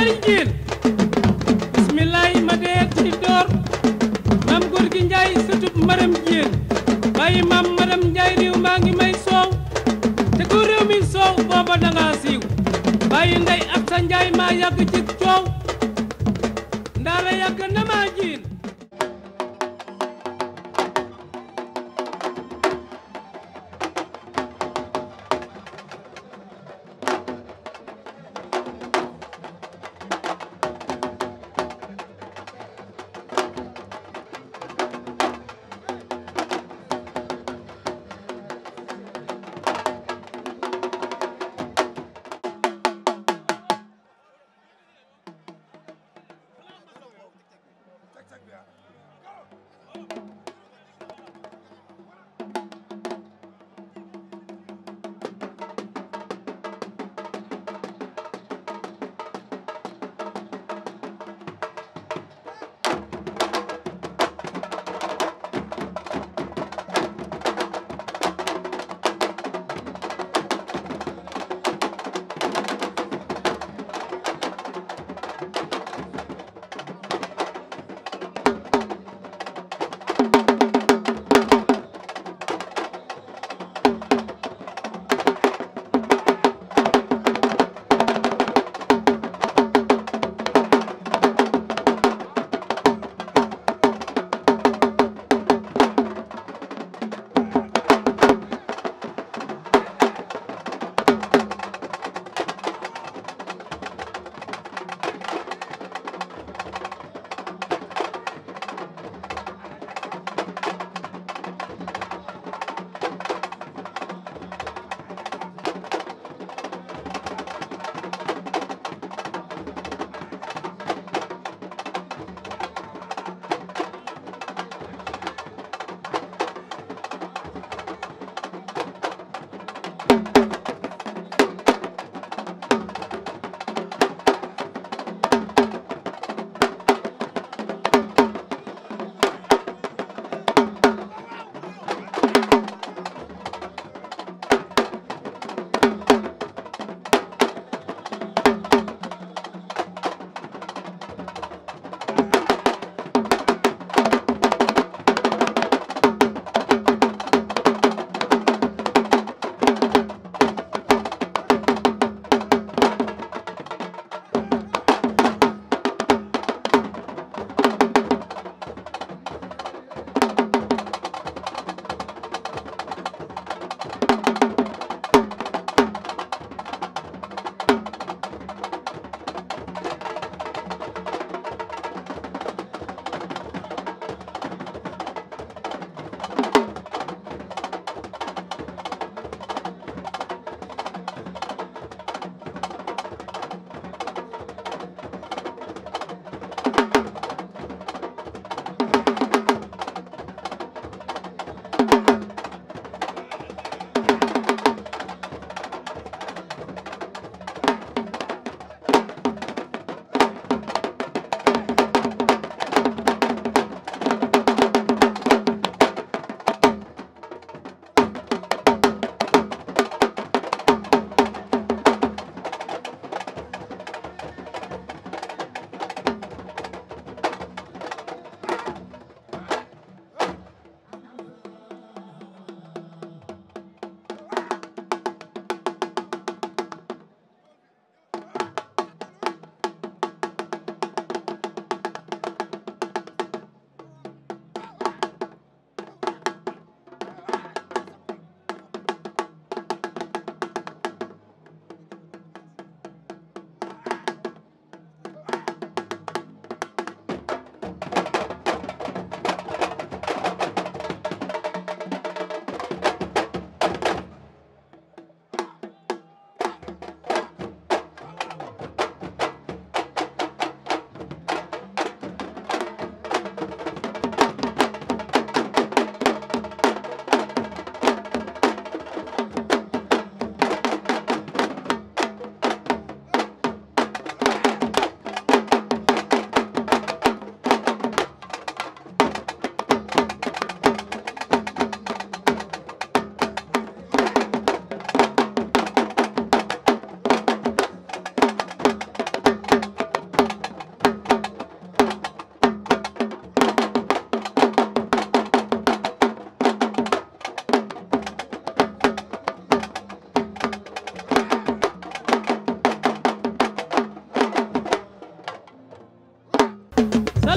bari ma dee ci door maam góor gi njaay sëtub maram jiin bàyyi maam maram njaay réew maa ngi may soow te ku réew mi soow booba danga siiw bàyyi ndey ak sa njaay maa yàgg ci coow ndaara yàgg na maa jiin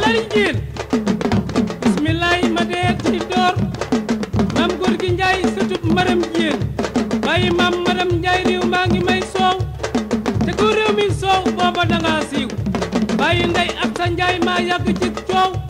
la lay jiin bismillaay ma dee ci door maam góor gi njaay sëtub maram jiin bàyyi maam maram njaay réew maa ngi may soow te ku réew mi soow booba danga siiw bàyyi ndey ak sa njaay maa yàgg ci coow